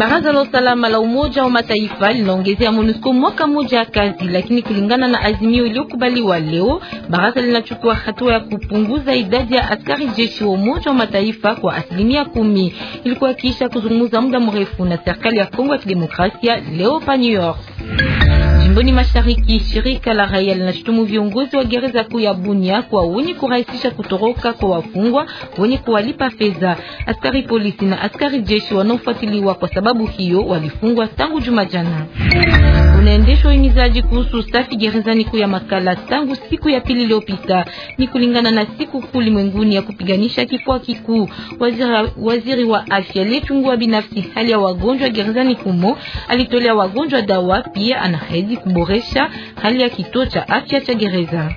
Baraza la usalama la Umoja wa Mataifa linaongezea MONUSCO mwaka mmoja ya kazi, lakini kulingana na azimio iliyokubaliwa leo, baraza linachukua hatua ya kupunguza idadi ya askari jeshi wa Umoja wa Mataifa kwa asilimia kumi. Ilikuwa kisha kuzungumza muda mrefu na serikali ya Kongo ya Kidemokrasia leo pa New York. Jimboni Mashariki, shirika la raia linashutumu viongozi wa gereza kuu ya Bunia kwa wenye kurahisisha kutoroka kwa wafungwa wenye kuwalipa fedha. Askari polisi na askari jeshi wanaofuatiliwa kwa sababu hiyo walifungwa tangu juma jana. Unaendeshwa uhimizaji kuhusu usafi gerezani kuu ya Makala tangu siku ya pili iliyopita, ni kulingana na siku kuu limwenguni ya kupiganisha kifua kikuu. Waziri, waziri wa afya aliyechungua binafsi hali ya wagonjwa gerezani humo alitolea wagonjwa dawa, pia anahidi kuboresha hali ya kituo cha afya cha gereza.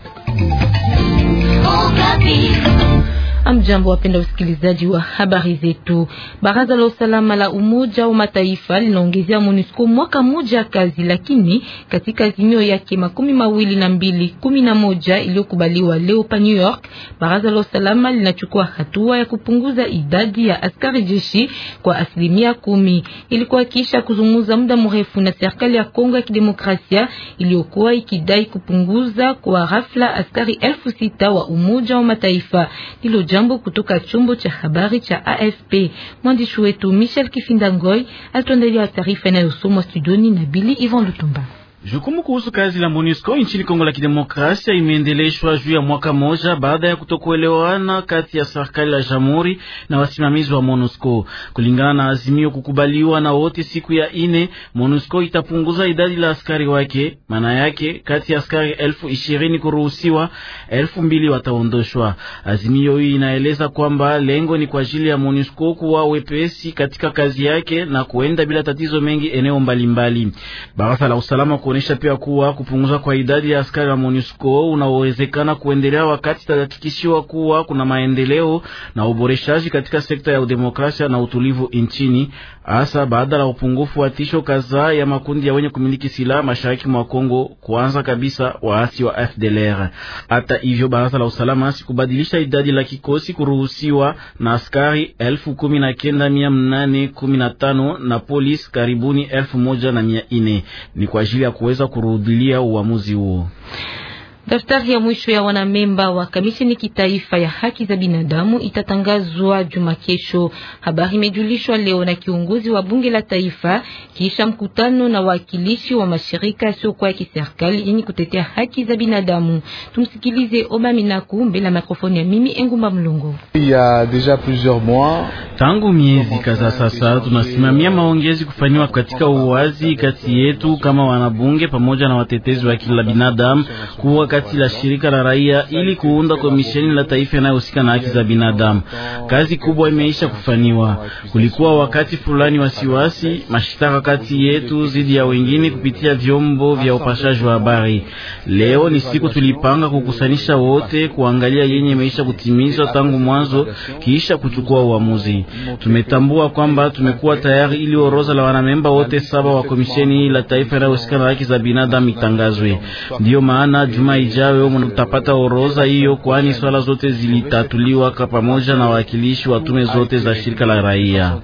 Amjambo, wapenda usikilizaji wa habari zetu. Baraza la usalama la Umoja wa Mataifa linaongezea MONUSCO mwaka mmoja kazi, lakini katika azimio yake makumi mawili na mbili kumi na moja iliyokubaliwa leo pa New York, baraza la usalama linachukua hatua ya kupunguza idadi ya askari jeshi kwa asilimia kumi. Ilikuwa kisha kuzungumza muda mrefu na serikali ya Kongo ya Kidemokrasia iliyokuwa ikidai kupunguza kwa ghafla askari elfu sita wa Umoja wa Mataifa Dilo Jambo kutoka chombo cha habari cha AFP. Mwandishi wetu Michel kifindangoy Ngoi alituandalia taarifa inayosomwa studioni na Billy Ivan Lutumba. Jukumu kuhusu kazi la MONUSCO nchini Kongo la Kidemokrasia imeendeleshwa juu ya mwaka moja baada ya kutokuelewana kati ya serikali la jamhuri na wasimamizi wa MONUSCO. Kulingana na azimio kukubaliwa na wote siku ya ine, MONUSCO itapunguza idadi la askari wake. Maana yake kati ya askari elfu ishirini kuruhusiwa, elfu mbili wataondoshwa. Azimio hii inaeleza kwamba lengo ni kwa ajili ya MONUSCO kuwa wepesi katika kazi yake na kuenda bila tatizo mengi eneo mbalimbali mbali. Baraza la usalama kuonesha pia kuwa kupunguzwa kwa idadi ya askari wa MONUSCO unaowezekana kuendelea wakati itahakikishiwa kuwa kuna maendeleo na uboreshaji katika sekta ya udemokrasia na utulivu nchini, hasa baada ya upungufu wa tisho kadhaa ya makundi ya wenye kumiliki silaha mashariki mwa Kongo, kuanza kabisa waasi wa FDLR. Hata hivyo, baraza la usalama sikubadilisha idadi la kikosi kuruhusiwa na askari elfu kumi na kenda mia mnane kumi na tano na polisi karibuni elfu moja na mia ine ni kwa ajili ya kuweza kurudhilia uamuzi huo. Daftari ya mwisho ya wanamemba wa kamisheni kitaifa ya haki za binadamu itatangazwa juma kesho. Habari imejulishwa leo na kiongozi wa bunge la taifa kisha mkutano na wawakilishi wa mashirika yasiyokuwa ya kiserikali yenye kutetea haki za binadamu. Tumsikilize Oba Minaku mbele ya mikrofoni ya mimi Engumba Mlungu. Tangu miezi kadhaa sasa tunasimamia maongezi kufanywa katika uwazi kati yetu kama wanabunge pamoja na watetezi wa haki za binadamu kuwa kati la shirika la raia ili kuunda komisheni la taifa inayohusika na haki za binadamu. Kazi kubwa imeisha kufanywa. Kulikuwa wakati fulani wasiwasi, mashitaka kati yetu dhidi ya wengine kupitia vyombo vya upashaji wa habari. Leo ni siku tulipanga kukusanisha wote, kuangalia yenye imeisha kutimizwa tangu mwanzo, kisha kuchukua uamuzi. Tumetambua kwamba tumekuwa tayari ili orodha la wanamemba wote saba wa komisheni la taifa inayohusika na haki za binadamu itangazwe. Ndiyo maana juma ijayo mtapata orodha hiyo, kwani swala zote zilitatuliwa pamoja na wakilishi wa tume zote za shirika la raia.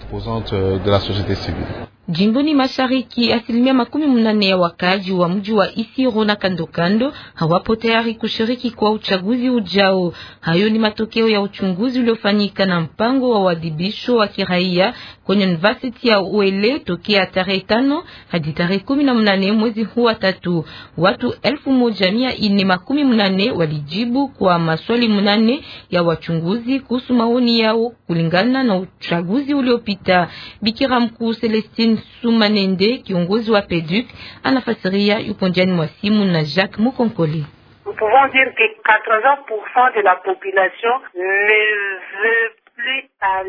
Jimboni mashariki asilimia makumi mnane ya wakaji wa mji wa Isiro na kandokando hawapo tayari kushiriki kwa uchaguzi ujao. Hayo ni matokeo ya uchunguzi uliofanyika na mpango wa wadhibisho wa kiraia kwenye University ya Uele tokea tarehe tano hadi tarehe kumi na mnane mwezi huu wa tatu. Watu elfu moja mia ine makumi mnane walijibu kwa maswali mnane ya wachunguzi kuhusu maoni yao kulingana na uchaguzi uliopita. Bikira mkuu Celestine Sumanende, kiongozi wa PEDUC, anafasiria yupo njiani mwa simu na Jacques Mukonkoli. Nous pouvons dire que 80% de la population ne veut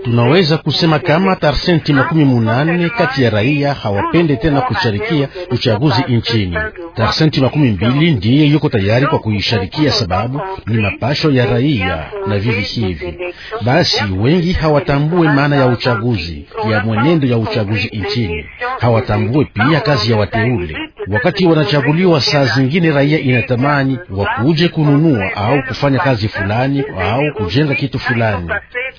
Tunaweza kusema kama tarsenti makumi munane kati ya raia hawapende tena kusharikia uchaguzi nchini. Tarsenti makumi mbili ndiye yuko tayari kwa kuisharikia, sababu ni mapasho ya raia na vivi hivi. Basi wengi hawatambue maana ya uchaguzi, ya mwenendo ya uchaguzi nchini, hawatambue pia kazi ya wateule. Wakati wanachaguliwa, saa zingine raia inatamani wakuje kununua au kufanya kazi fulani au kujenga kitu fulani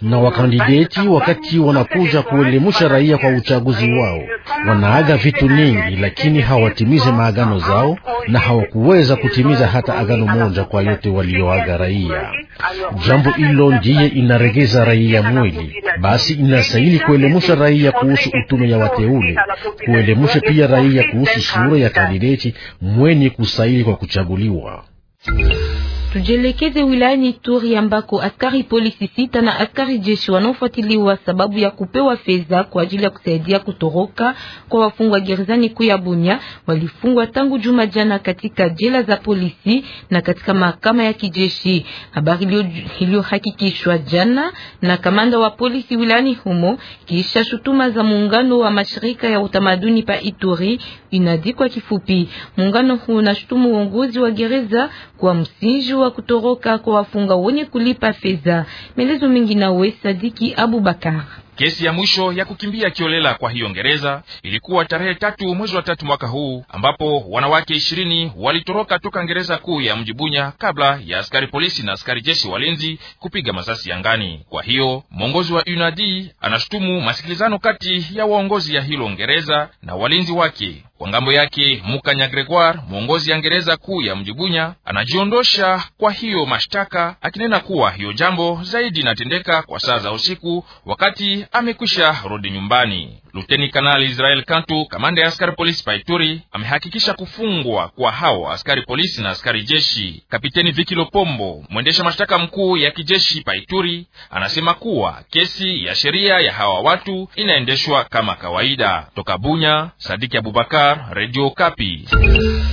na wakandideti wakati wanakuja kuelimisha raia kwa uchaguzi wao, wanaaga vitu nyingi, lakini hawatimize maagano zao, na hawakuweza kutimiza hata agano moja kwa yote walioaga raia. Jambo hilo ndiye inaregeza raia mwili. Basi inastahili kuelimisha raia kuhusu utume ya wateule, kuelimisha pia raia kuhusu sura ya kandideti mwenye kusaili kwa kuchaguliwa. Tujielekeze wilayani Ituri ambako askari polisi sita na askari jeshi wanaofuatiliwa sababu ya kupewa fedha kwa ajili ya kusaidia kutoroka kwa wafungwa gerezani kuu ya Bunya walifungwa tangu juma jana katika jela za polisi na katika mahakama ya kijeshi. Habari iliyohakikishwa jana na kamanda wa polisi wilayani humo kisha shutuma za muungano wa mashirika ya utamaduni pa Ituri inadikwa kifupi. Muungano huu unashutumu uongozi wa gereza kwa msingi wa kutoroka kwa wafunga wenye kulipa fedha. Melezo mingi nawe Sadiki Abubakar. Kesi ya mwisho ya kukimbia kiolela kwa hiyo ngereza ilikuwa tarehe tatu mwezi wa tatu mwaka huu, ambapo wanawake ishirini walitoroka toka ngereza kuu ya mji Bunya kabla ya askari polisi na askari jeshi walinzi kupiga masasi yangani Kwa hiyo mwongozi wa UNADI anashutumu masikilizano kati ya waongozi ya hilo ngereza na walinzi wake. Kwa ngambo yake Mukanya Gregoire, mwongozi ya ngereza kuu ya mji Bunya, anajiondosha kwa hiyo mashtaka, akinena kuwa hiyo jambo zaidi inatendeka kwa saa za usiku wakati amekwisha rudi nyumbani. Luteni Kanali Israel Kantu, kamanda ya askari polisi Paituri, amehakikisha kufungwa kwa hao askari polisi na askari jeshi. Kapiteni Viki Lopombo, mwendesha mashtaka mkuu ya kijeshi Paituri, anasema kuwa kesi ya sheria ya hawa watu inaendeshwa kama kawaida. Toka Bunya, Sadiki Abubakar, Radio Kapi.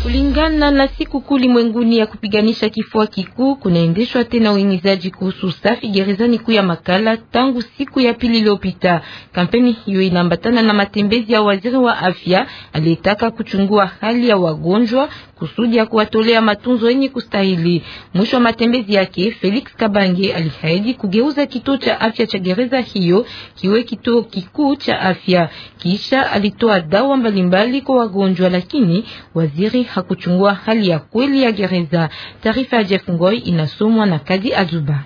Kulingana na siku kuu limwenguni ya kupiganisha kifua kikuu, kunaendeshwa tena uingizaji kuhusu usafi gerezani kuu ya Makala tangu siku ya pili iliyopita. Kampeni hiyo inaambata kufuatana na matembezi ya waziri wa afya alitaka kuchungua hali ya wagonjwa kusudi ya kuwatolea matunzo yenye kustahili. Mwisho wa matembezi yake, Felix Kabange alihaidi kugeuza kituo cha afya cha gereza hiyo kiwe kituo kikuu cha afya. Kisha alitoa dawa mbalimbali kwa wagonjwa, lakini waziri hakuchungua hali ya kweli ya gereza. Taarifa ya Jeff Ngoi inasomwa na Kadi Azuba.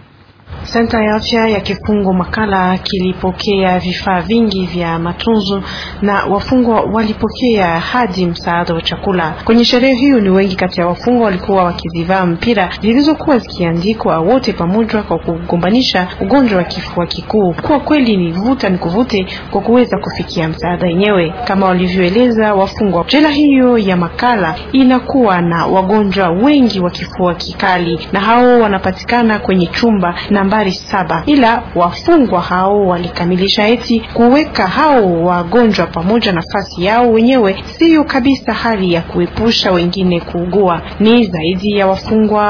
Senta ya afya ya Kikungu Makala kilipokea vifaa vingi vya matunzo na wafungwa walipokea hadi msaada wa chakula. Kwenye sherehe hiyo, ni wengi kati ya wafungwa walikuwa wakizivaa mpira zilizokuwa zikiandikwa wote pamoja kwa kugombanisha ugonjwa wa kifua kikuu. Kwa kweli ni vuta ni kuvute kwa kuweza kufikia msaada yenyewe, kama walivyoeleza wafungwa. Jela hiyo ya Makala inakuwa na wagonjwa wengi wa kifua kikali, na hao wanapatikana kwenye chumba na nambari saba, ila wafungwa hao walikamilisha eti kuweka hao wagonjwa pamoja nafasi yao wenyewe, siyo kabisa hali ya kuepusha wengine kuugua. Ni zaidi ya wafungwa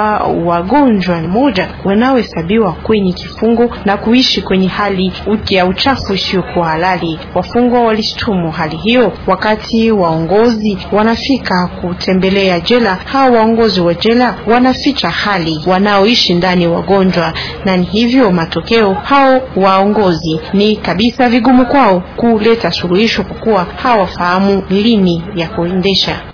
wagonjwa mmoja wanaohesabiwa kwenye kifungo na kuishi kwenye hali ya uchafu isiyokuwa halali. Wafungwa walishtumu hali hiyo wakati waongozi wanafika kutembelea jela. Hao waongozi wa jela wanaficha hali wanaoishi ndani wagonjwa na hivyo matokeo hao waongozi ni kabisa vigumu kwao kuleta suluhisho, kwa kuwa hawafahamu lini ya kuendesha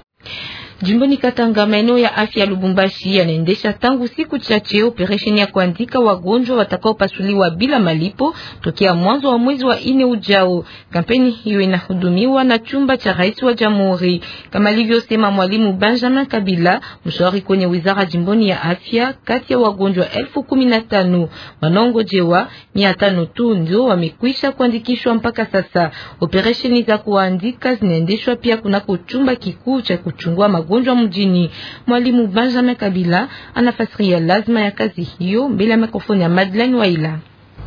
Jimboni Katanga, maeneo ya afya Lubumbashi yanaendesha tangu siku chache operesheni ya kuandika wagonjwa watakaopasuliwa bila malipo tokea mwanzo wa mwezi wa ine ujao. Kampeni hiyo inahudumiwa na chumba cha rais wa jamhuri, kama alivyosema mwalimu Benjamin Kabila, mshauri kwenye wizara jimboni ya afya. Kati ya wagonjwa elfu kumi na tano wanaongojewa mia tano tu ndio wamekwisha kuandikishwa mpaka sasa. Operesheni za kuandika zinaendeshwa pia kunako chumba kikuu cha kuchungua magonjwa wagonjwa mjini. Mwalimu Benjamin Kabila anafasiria lazima ya kazi hiyo mbele ya mikrofoni ya Madeleine Waila.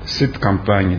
Cette campagne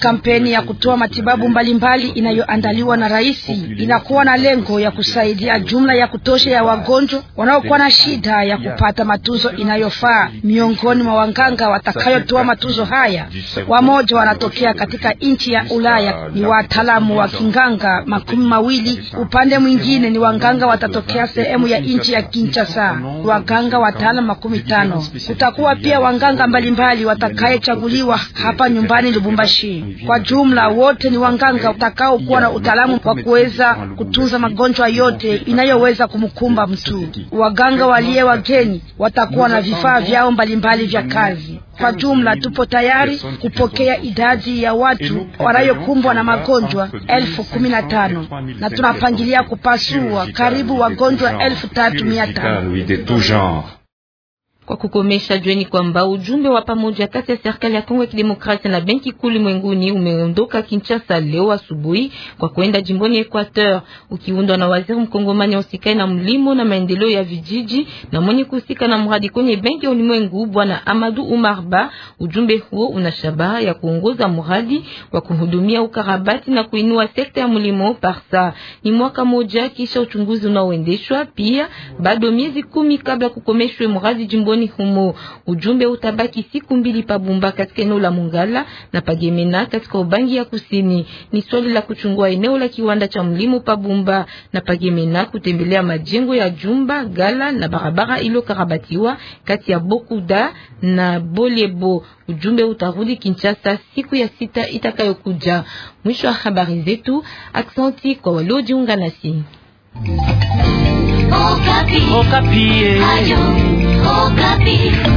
Kampeni ya kutoa matibabu mbalimbali inayoandaliwa na rais inakuwa na lengo ya kusaidia jumla ya kutosha ya wagonjwa wanaokuwa na shida ya kupata matunzo inayofaa. Miongoni mwa wanganga watakayotoa matunzo haya, wamoja wanatokea katika nchi ya Ulaya, ni wataalamu wa kinganga makumi mawili. Upande mwingine ni wanganga watatokea sehemu ya nchi ya Kinshasa, waganga wataalamu makumi tano. Kutakuwa pia wanganga mbalimbali watakayechaguliwa kuandaliwa hapa nyumbani Lubumbashi. Kwa jumla wote ni wanganga utakaokuwa na utaalamu wa kuweza kutunza magonjwa yote inayoweza kumkumba mtu. Waganga waliye wageni watakuwa na vifaa vyao mbalimbali vya kazi. Kwa jumla tupo tayari kupokea idadi ya watu wanayokumbwa na magonjwa elfu kumi na tano na tunapangilia kupasua karibu wagonjwa elfu tatu mia tano. Kwa kukomesha, jueni kwamba ujumbe wa pamoja kati ya serikali ya Kongo ya Kidemokrasia na Benki Kuu Ulimwenguni umeondoka Kinshasa leo asubuhi kwa kwenda jimboni Equateur, ukiundwa na waziri mkongomani usikae na mlimo na maendeleo ya vijiji na mwenye kuhusika na mradi kwenye Benki ya Ulimwengu, Bwana Amadu Umarba. Ujumbe huo una shabaha ya kuongoza mradi wa kuhudumia ukarabati na kuinua sekta ya mlimo parsa. Ni mwaka moja kisha uchunguzi unaoendeshwa, pia bado miezi kumi kabla kukomeshwe mradi jimboni jimboni humo. Ujumbe utabaki siku mbili Pabumba katika eneo la Mungala na Pagemena katika Ubangi ya Kusini. Ni swali la kuchungua eneo la kiwanda cha mlimo Pabumba na Pagemena, kutembelea majengo ya jumba gala na barabara iliyokarabatiwa kati ya Bokuda na Bolebo. Ujumbe utarudi Kinshasa siku ya sita itakayokuja. Mwisho wa habari zetu. Aksanti kwa waliojiunga nasi. Okapi. Okapi. Okapi.